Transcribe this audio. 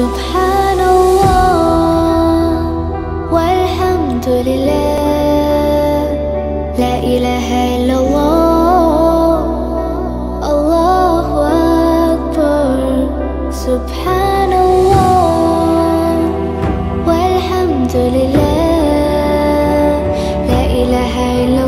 سبحان الله والحمد لله لا إله إلا الله الله أكبر سبحان الله والحمد لله لا إله إلا الله